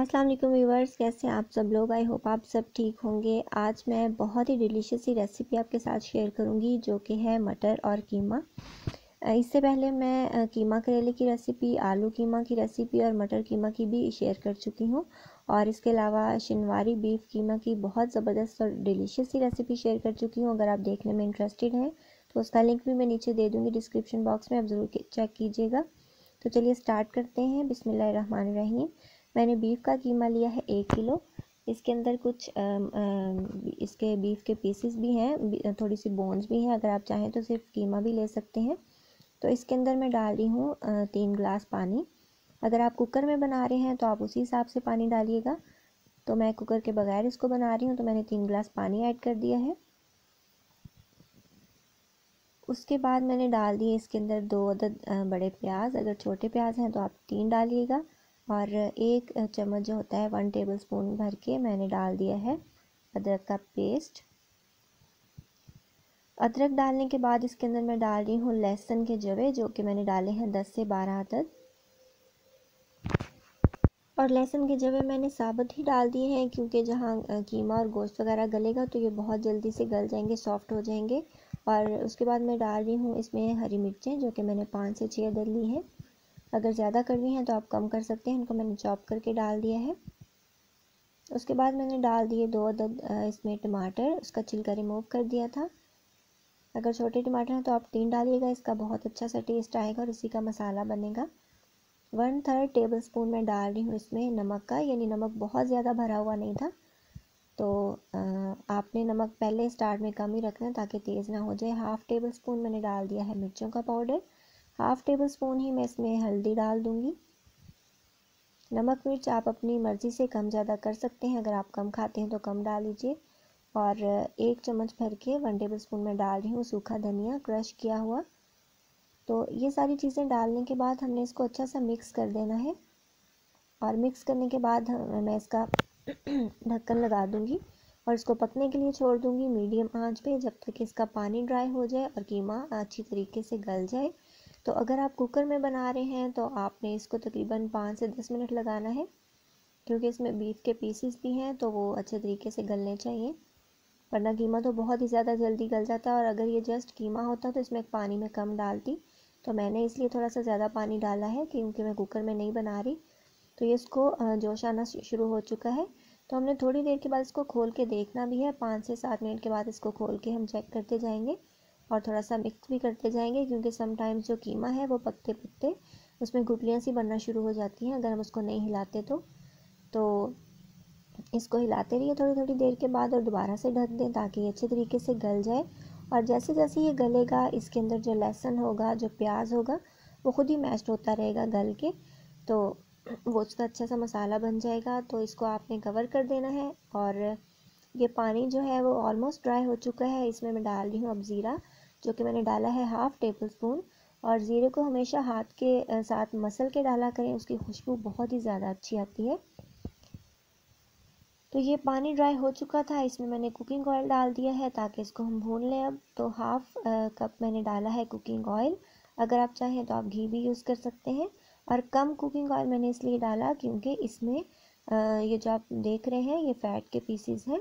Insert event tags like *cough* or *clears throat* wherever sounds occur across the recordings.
अस्सलाम वालेकुम व्यूवर्स कैसे आप सब लोग आई होप आप सब ठीक होंगे आज मैं बहुत ही डिलीशियस सी रेसिपी आपके साथ शेयर करूंगी जो कि है मटर और कीमा इससे पहले मैं कीमा करेले की रेसिपी आलू कीमा की रेसिपी और मटर कीमा की भी शेयर कर चुकी हूँ और इसके अलावा शनवारी बीफ कीमा की बहुत ज़बरदस्त और डिलीशियस सी रेसिपी शेयर कर चुकी हूँ अगर आप देखने में इंटरेस्टेड हैं तो उसका लिंक भी मैं नीचे दे दूँगी डिस्क्रिप्शन बॉक्स में आप ज़रूर चेक कीजिएगा तो चलिए स्टार्ट करते हैं बिसमिल्लर मैंने बीफ का कीमा लिया है एक किलो इसके अंदर कुछ आ, आ, इसके बीफ के पीसेस भी हैं थोड़ी सी बोन्स भी हैं अगर आप चाहें तो सिर्फ कीमा भी ले सकते हैं तो इसके अंदर मैं डाल रही हूँ तीन ग्लास पानी अगर आप कुकर में बना रहे हैं तो आप उसी हिसाब से पानी डालिएगा तो मैं कुकर के बगैर इसको बना रही हूँ तो मैंने तीन ग्लास पानी ऐड कर दिया है उसके बाद मैंने डाल दिए इसके अंदर दो अदद बड़े प्याज अगर छोटे प्याज हैं तो आप तीन डालिएगा और एक चम्मच जो होता है वन टेबल स्पून भर के मैंने डाल दिया है अदरक का पेस्ट अदरक डालने के बाद इसके अंदर मैं डाल रही हूँ लहसुन के जवे जो कि मैंने डाले हैं दस से बारह तक और लहसुन के जवे मैंने साबुत ही डाल दिए हैं क्योंकि जहाँ कीमा और गोश्त वगैरह गलेगा तो ये बहुत जल्दी से गल जाएंगे सॉफ्ट हो जाएंगे और उसके बाद मैं डाल रही हूँ इसमें हरी मिर्चें जो कि मैंने पाँच से छः अदर ली हैं अगर ज़्यादा करनी है तो आप कम कर सकते हैं इनको मैंने चॉप करके डाल दिया है उसके बाद मैंने डाल दिए दो अदद इसमें टमाटर उसका छिलका रिमूव कर दिया था अगर छोटे टमाटर हैं तो आप तीन डालिएगा इसका बहुत अच्छा सा टेस्ट आएगा और इसी का मसाला बनेगा वन थर्ड टेबल स्पून मैं डाल रही हूँ इसमें नमक का यानी नमक बहुत ज़्यादा भरा हुआ नहीं था तो आपने नमक पहले स्टार्ट में कम ही रखना ताकि तेज़ ना हो जाए हाफ़ टेबल स्पून मैंने डाल दिया है मिर्चों का पाउडर हाफ टेबल स्पून ही मैं इसमें हल्दी डाल दूँगी नमक मिर्च आप अपनी मर्ज़ी से कम ज़्यादा कर सकते हैं अगर आप कम खाते हैं तो कम डाल लीजिए और एक चम्मच भर के वन टेबल स्पून में डाल रही हूँ सूखा धनिया क्रश किया हुआ तो ये सारी चीज़ें डालने के बाद हमने इसको अच्छा सा मिक्स कर देना है और मिक्स करने के बाद मैं इसका *clears throat* ढक्कन लगा दूँगी और इसको पकने के लिए छोड़ दूँगी मीडियम आंच पे जब तक इसका पानी ड्राई हो जाए और कीमा अच्छी तरीके से गल जाए तो अगर आप कुकर में बना रहे हैं तो आपने इसको तकरीबन पाँच से दस मिनट लगाना है क्योंकि इसमें बीफ के पीसेस भी हैं तो वो अच्छे तरीके से गलने चाहिए वरना कीमा तो बहुत ही ज़्यादा जल्दी गल जाता है और अगर ये जस्ट कीमा होता तो इसमें पानी में कम डालती तो मैंने इसलिए थोड़ा सा ज़्यादा पानी डाला है क्योंकि मैं कुकर में नहीं बना रही तो ये इसको जोश आना शुरू हो चुका है तो हमने थोड़ी देर के बाद इसको खोल के देखना भी है पाँच से सात मिनट के बाद इसको खोल के हम चेक करते जाएंगे और थोड़ा सा मिक्स भी करते जाएंगे क्योंकि समटाइम्स जो कीमा है वो पकते पकते उसमें गुटलियाँ सी बनना शुरू हो जाती हैं अगर हम उसको नहीं हिलाते तो तो इसको हिलाते रहिए थोड़ी थोड़ी देर के बाद और दोबारा से ढक दें ताकि ये अच्छे तरीके से गल जाए और जैसे जैसे ये गलेगा इसके अंदर जो लहसुन होगा जो प्याज होगा वो खुद ही मैश्ड होता रहेगा गल के तो वो उसका अच्छा सा मसाला बन जाएगा तो इसको आपने कवर कर देना है और ये पानी जो है वो ऑलमोस्ट ड्राई हो चुका है इसमें मैं डाल रही हूँ अब ज़ीरा जो कि मैंने डाला है हाफ़ टेबल स्पून और ज़ीरे को हमेशा हाथ के साथ मसल के डाला करें उसकी खुशबू बहुत ही ज़्यादा अच्छी आती है तो ये पानी ड्राई हो चुका था इसमें मैंने कुकिंग ऑयल डाल दिया है ताकि इसको हम भून लें अब तो हाफ़ कप मैंने डाला है कुकिंग ऑयल अगर आप चाहें तो आप घी भी यूज़ कर सकते हैं और कम कुकिंग ऑयल मैंने इसलिए डाला क्योंकि इसमें ये जो आप देख रहे हैं ये फ़ैट के पीसीज हैं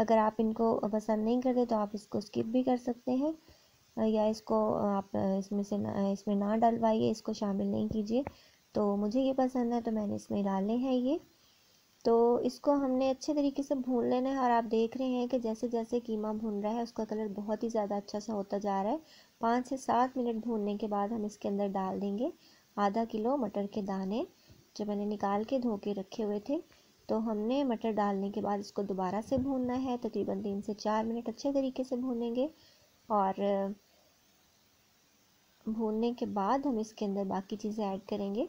अगर आप इनको पसंद नहीं करते तो आप इसको स्किप भी कर सकते हैं या इसको आप इसमें से ना इसमें ना डलवाइए इसको शामिल नहीं कीजिए तो मुझे ये पसंद है तो मैंने इसमें डाले हैं ये तो इसको हमने अच्छे तरीके से भून लेना है और आप देख रहे हैं कि जैसे जैसे कीमा भून रहा है उसका कलर बहुत ही ज़्यादा अच्छा सा होता जा रहा है पाँच से सात मिनट भूनने के बाद हम इसके अंदर डाल देंगे आधा किलो मटर के दाने जो मैंने निकाल के धो के रखे हुए थे तो हमने मटर डालने के बाद इसको दोबारा से भूनना है तकरीबन तीन से चार मिनट अच्छे तरीके से भूनेंगे और भूनने के बाद हम इसके अंदर बाकी चीज़ें ऐड करेंगे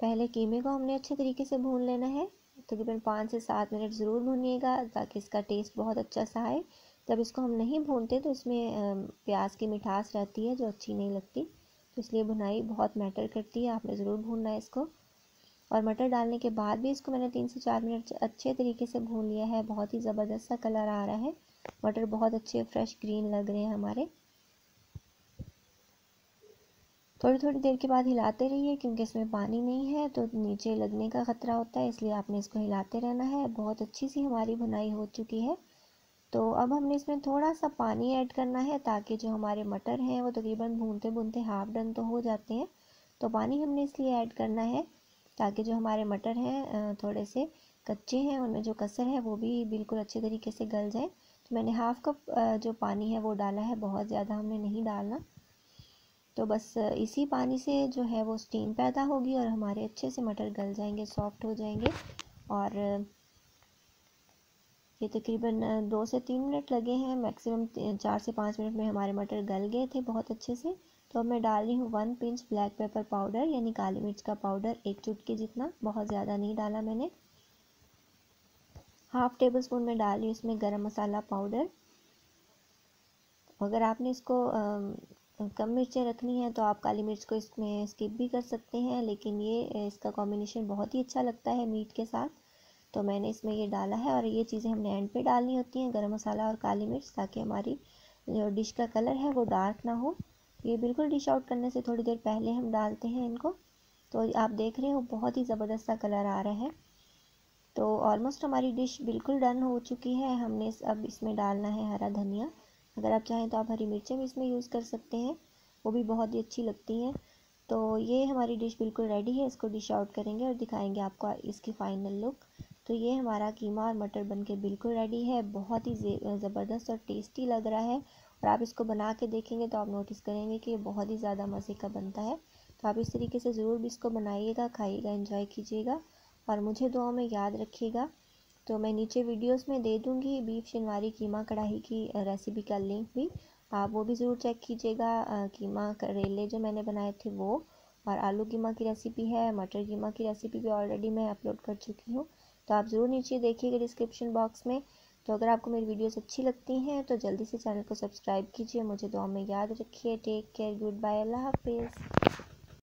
पहले कीमे को हमने अच्छे तरीके से भून लेना है तकरीबन पाँच से सात मिनट ज़रूर भूनिएगा ताकि इसका टेस्ट बहुत अच्छा सा आए जब इसको हम नहीं भूनते तो इसमें प्याज की मिठास रहती है जो अच्छी नहीं लगती तो इसलिए भुनाई बहुत मैटर करती है आपने ज़रूर भूनना है इसको और मटर डालने के बाद भी इसको मैंने तीन से चार मिनट अच्छे तरीके से भून लिया है बहुत ही ज़बरदस्त सा कलर आ रहा है मटर बहुत अच्छे फ्रेश ग्रीन लग रहे हैं हमारे थोड़ी थोड़ी देर के बाद हिलाते रहिए क्योंकि इसमें पानी नहीं है तो नीचे लगने का ख़तरा होता है इसलिए आपने इसको हिलाते रहना है बहुत अच्छी सी हमारी भुनाई हो चुकी है तो अब हमने इसमें थोड़ा सा पानी ऐड करना है ताकि जो हमारे मटर हैं वो तकरीबन भूनते भूनते हाफ डन तो हो जाते हैं तो पानी हमने इसलिए ऐड करना है ताकि जो हमारे मटर हैं थोड़े से कच्चे हैं उनमें जो कसर है वो भी बिल्कुल अच्छे तरीके से गल जाए तो मैंने हाफ़ कप जो पानी है वो डाला है बहुत ज़्यादा हमने नहीं डालना तो बस इसी पानी से जो है वो स्टीम पैदा होगी और हमारे अच्छे से मटर गल जाएंगे सॉफ्ट हो जाएंगे और ये तकरीबन दो से तीन मिनट लगे हैं मैक्सिमम चार से पाँच मिनट में हमारे मटर गल गए थे बहुत अच्छे से तो अब मैं डाल रही हूँ one pinch black pepper powder यानी काली मिर्च का पाउडर एक चुटकी जितना बहुत ज़्यादा नहीं डाला मैंने हाफ टेबल स्पून में डाल रही हूँ इसमें गरम मसाला पाउडर अगर आपने इसको आ, कम मिर्चें रखनी हैं तो आप काली मिर्च को इसमें स्किप भी कर सकते हैं लेकिन ये इसका कॉम्बिनेशन बहुत ही अच्छा लगता है मीट के साथ तो मैंने इसमें ये डाला है और ये चीज़ें हमने एंड पे डालनी होती हैं गरम मसाला और काली मिर्च ताकि हमारी जो डिश का कलर है वो डार्क ना हो ये बिल्कुल डिश आउट करने से थोड़ी देर पहले हम डालते हैं इनको तो आप देख रहे हो बहुत ही ज़बरदस्त सा कलर आ रहा है तो ऑलमोस्ट हमारी डिश बिल्कुल डन हो चुकी है हमने अब इसमें डालना है हरा धनिया अगर आप चाहें तो आप हरी मिर्चें भी इसमें यूज़ कर सकते हैं वो भी बहुत ही अच्छी लगती हैं तो ये हमारी डिश बिल्कुल रेडी है इसको डिश आउट करेंगे और दिखाएंगे आपको इसकी फ़ाइनल लुक तो ये हमारा कीमा और मटर बन के बिल्कुल रेडी है बहुत ही ज़बरदस्त और टेस्टी लग रहा है और आप इसको बना के देखेंगे तो आप नोटिस करेंगे कि ये बहुत ही ज़्यादा मज़े का बनता है तो आप इस तरीके से ज़रूर भी इसको बनाइएगा खाइएगा इंजॉय कीजिएगा और मुझे दुआ में याद रखिएगा तो मैं नीचे वीडियोस में दे दूँगी बीफ शिनवारी कीमा कढ़ाई की रेसिपी का लिंक भी आप वो भी ज़रूर चेक कीजिएगा कीमा करेले जो मैंने बनाए थे वो और आलू कीमा की रेसिपी है मटर कीमा की रेसिपी भी ऑलरेडी मैं अपलोड कर चुकी हूँ तो आप ज़रूर नीचे देखिएगा डिस्क्रिप्शन बॉक्स में तो अगर आपको मेरी वीडियोस अच्छी लगती हैं तो जल्दी से चैनल को सब्सक्राइब कीजिए मुझे दुआ में याद रखिए टेक केयर गुड बाय अल्लाह हाफिज़